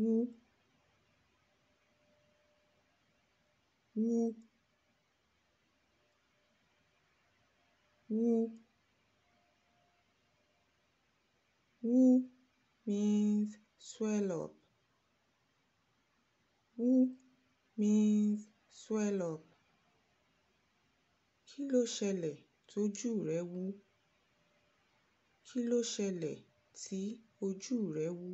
wú wú wú wú means swell up wú means swell up kí ló ṣẹlẹ̀ tójú rẹ wú kí ló ṣẹlẹ̀ tí ojú rẹ wú